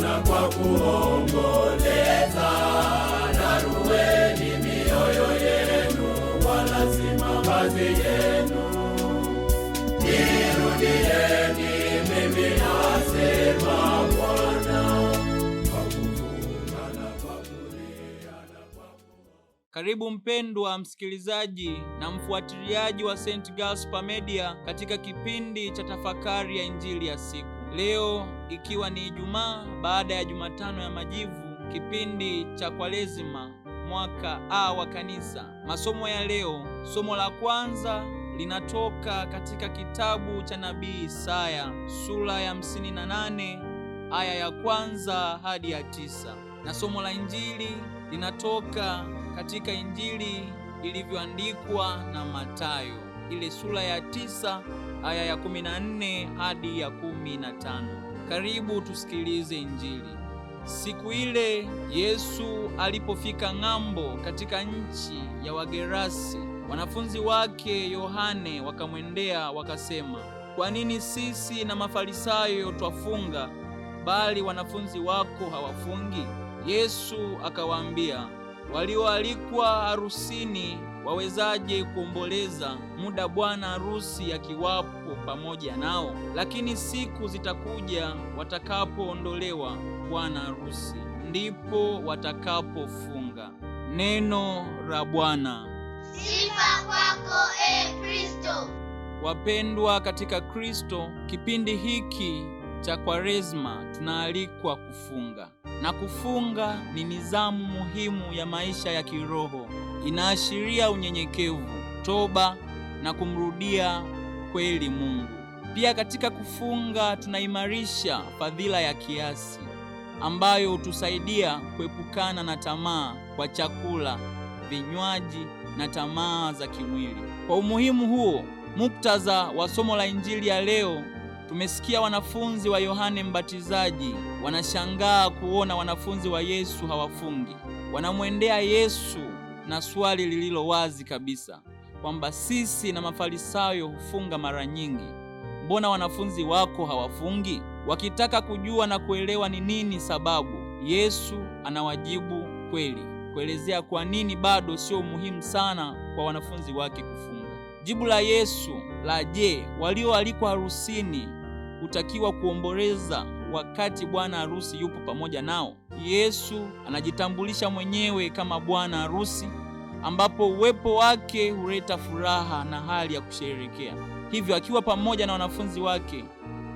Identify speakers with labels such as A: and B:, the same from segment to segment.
A: Bwana kwa kuomboleza, narueni mioyo yenu, wala si yenu. Nirudieni mimi, asema Bwana. Karibu mpendwa msikilizaji na mfuatiliaji wa St. Gaspar Media katika kipindi cha tafakari ya Injili ya siku. Leo ikiwa ni Ijumaa baada ya Jumatano ya Majivu, kipindi cha Kwaresima mwaka A wa Kanisa. Masomo ya leo, somo la kwanza linatoka katika kitabu cha nabii Isaya sura ya hamsini na nane aya ya kwanza hadi ya tisa na somo la injili linatoka katika Injili ilivyoandikwa na Matayo ile sura ya tisa aya ya 14 hadi ya 15. Karibu tusikilize Injili. Siku ile Yesu alipofika ng'ambo katika nchi ya Wagerasi, wanafunzi wake Yohane wakamwendea wakasema, kwa nini sisi na Mafarisayo twafunga bali wanafunzi wako hawafungi? Yesu akawaambia, walioalikwa harusini wawezaje kuomboleza muda bwana harusi akiwapo pamoja nao? Lakini siku zitakuja watakapoondolewa bwana harusi, ndipo watakapofunga. Neno la Bwana.
B: Sifa kwako, e Kristo.
A: Wapendwa katika Kristo, kipindi hiki cha Kwaresma tunaalikwa kufunga, na kufunga ni nizamu muhimu ya maisha ya kiroho. Inaashiria unyenyekevu, toba na kumrudia kweli Mungu. Pia katika kufunga tunaimarisha fadhila ya kiasi ambayo hutusaidia kuepukana na tamaa kwa chakula, vinywaji na tamaa za kimwili. Kwa umuhimu huo, muktadha wa somo la Injili ya leo Tumesikia wanafunzi wa Yohane Mbatizaji wanashangaa kuona wanafunzi wa Yesu hawafungi. Wanamwendea Yesu na swali lililo wazi kabisa kwamba sisi na Mafarisayo hufunga mara nyingi, mbona wanafunzi wako hawafungi? Wakitaka kujua na kuelewa ni nini sababu, Yesu anawajibu kweli, kuelezea kwa nini bado sio muhimu sana kwa wanafunzi wake kufunga. Jibu la Yesu la je, walioalikwa harusini hutakiwa kuomboleza wakati bwana harusi yupo pamoja nao. Yesu anajitambulisha mwenyewe kama bwana harusi, ambapo uwepo wake huleta furaha na hali ya kusherehekea. Hivyo akiwa pamoja na wanafunzi wake,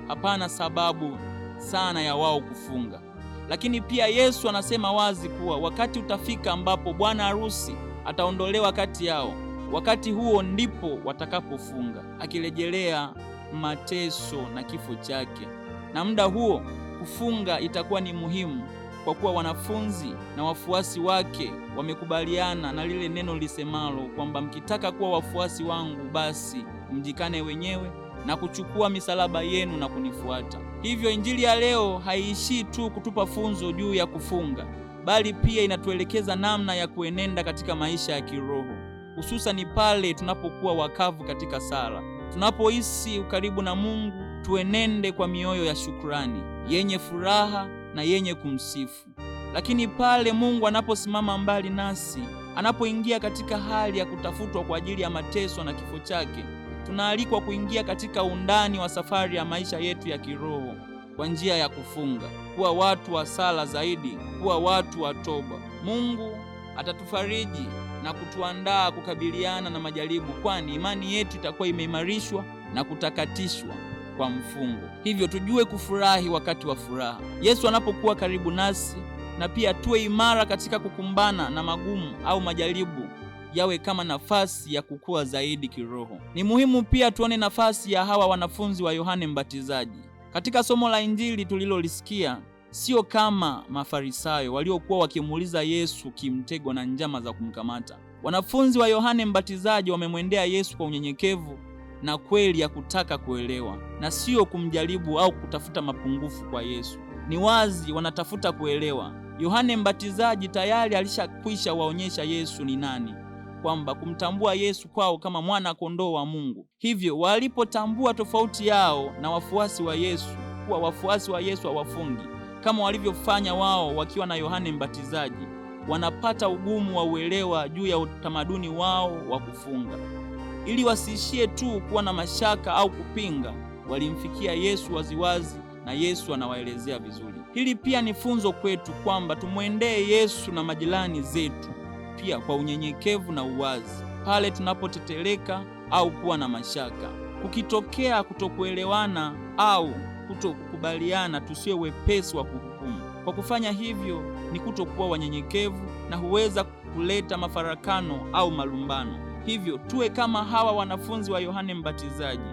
A: hapana sababu sana ya wao kufunga. Lakini pia Yesu anasema wazi kuwa wakati utafika ambapo bwana harusi ataondolewa kati yao, wakati huo ndipo watakapofunga, akirejelea mateso na kifo chake. Na muda huo kufunga itakuwa ni muhimu kwa kuwa wanafunzi na wafuasi wake wamekubaliana na lile neno lisemalo kwamba mkitaka kuwa wafuasi wangu, basi mjikane wenyewe na kuchukua misalaba yenu na kunifuata. Hivyo injili ya leo haiishii tu kutupa funzo juu ya kufunga, bali pia inatuelekeza namna ya kuenenda katika maisha ya kiroho, hususani pale tunapokuwa wakavu katika sala. Tunapohisi ukaribu na Mungu, tuenende kwa mioyo ya shukrani yenye furaha na yenye kumsifu. Lakini pale Mungu anaposimama mbali nasi, anapoingia katika hali ya kutafutwa kwa ajili ya mateso na kifo chake, tunaalikwa kuingia katika undani wa safari ya maisha yetu ya kiroho kwa njia ya kufunga, kuwa watu wa sala zaidi, kuwa watu wa toba. Mungu atatufariji na kutuandaa kukabiliana na majaribu, kwani imani yetu itakuwa imeimarishwa na kutakatishwa kwa mfungo. Hivyo tujue kufurahi wakati wa furaha, Yesu anapokuwa karibu nasi, na pia tuwe imara katika kukumbana na magumu au majaribu yawe kama nafasi ya kukua zaidi kiroho. Ni muhimu pia tuone nafasi ya hawa wanafunzi wa Yohane Mbatizaji. Katika somo la Injili tulilolisikia sio kama Mafarisayo waliokuwa wakimuuliza Yesu kimtego na njama za kumkamata. Wanafunzi wa Yohane Mbatizaji wamemwendea Yesu kwa unyenyekevu na kweli ya kutaka kuelewa na sio kumjaribu au kutafuta mapungufu kwa Yesu. Ni wazi wanatafuta kuelewa. Yohane Mbatizaji tayari alishakwisha waonyesha Yesu ni nani, kwamba kumtambua Yesu kwao kama mwana kondoo wa Mungu. Hivyo walipotambua tofauti yao na wafuasi wa Yesu kuwa wafuasi wa Yesu hawafungi kama walivyofanya wao wakiwa na Yohane Mbatizaji, wanapata ugumu wa uelewa juu ya utamaduni wao wa kufunga. Ili wasiishie tu kuwa na mashaka au kupinga, walimfikia Yesu waziwazi na Yesu anawaelezea vizuri. Hili pia ni funzo kwetu kwamba tumwendee Yesu na majirani zetu pia kwa unyenyekevu na uwazi pale tunapoteteleka au kuwa na mashaka. Kukitokea kutokuelewana au kutokubaliana, tusiwe wepesi wa kuhukumu. Kwa kufanya hivyo ni kutokuwa wanyenyekevu na huweza kuleta mafarakano au malumbano. Hivyo tuwe kama hawa wanafunzi wa Yohane Mbatizaji,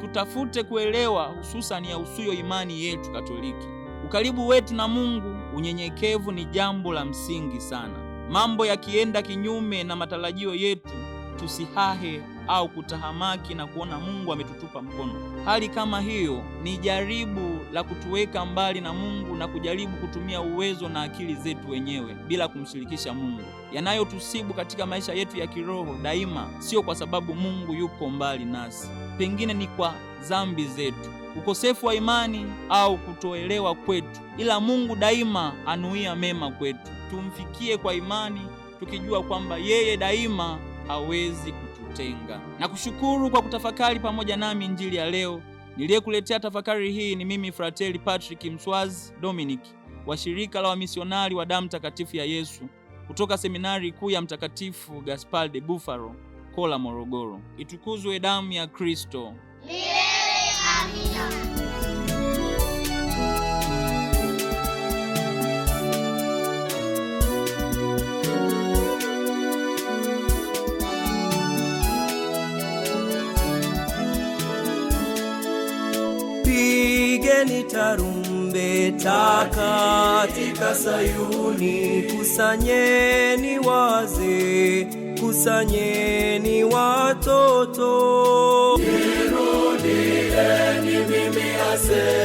A: tutafute kuelewa hususani ya usuyo imani yetu Katoliki. Ukaribu wetu na Mungu, unyenyekevu ni jambo la msingi sana. Mambo yakienda kinyume na matarajio yetu, tusihahe au kutahamaki na kuona Mungu ametutupa mkono. Hali kama hiyo ni jaribu la kutuweka mbali na Mungu na kujaribu kutumia uwezo na akili zetu wenyewe bila kumshirikisha Mungu. Yanayotusibu katika maisha yetu ya kiroho daima sio kwa sababu Mungu yuko mbali nasi, pengine ni kwa dhambi zetu, ukosefu wa imani au kutoelewa kwetu, ila Mungu daima anuia mema kwetu. Tumfikie kwa imani tukijua kwamba yeye daima hawezi kutenga. Na kushukuru kwa kutafakari pamoja nami injili ya leo. Niliyekuletea tafakari hii ni mimi Frateli Patrick Mswazi Dominic wa shirika la wamisionari wa damu takatifu ya Yesu kutoka seminari kuu ya Mtakatifu Gaspar de Bufalo, Kola, Morogoro. Itukuzwe damu ya Kristo!
B: Pigieni tarumbeta katika Sayuni, kusanyeni wazee, kusanyeni watoto, nirudieni mimi asema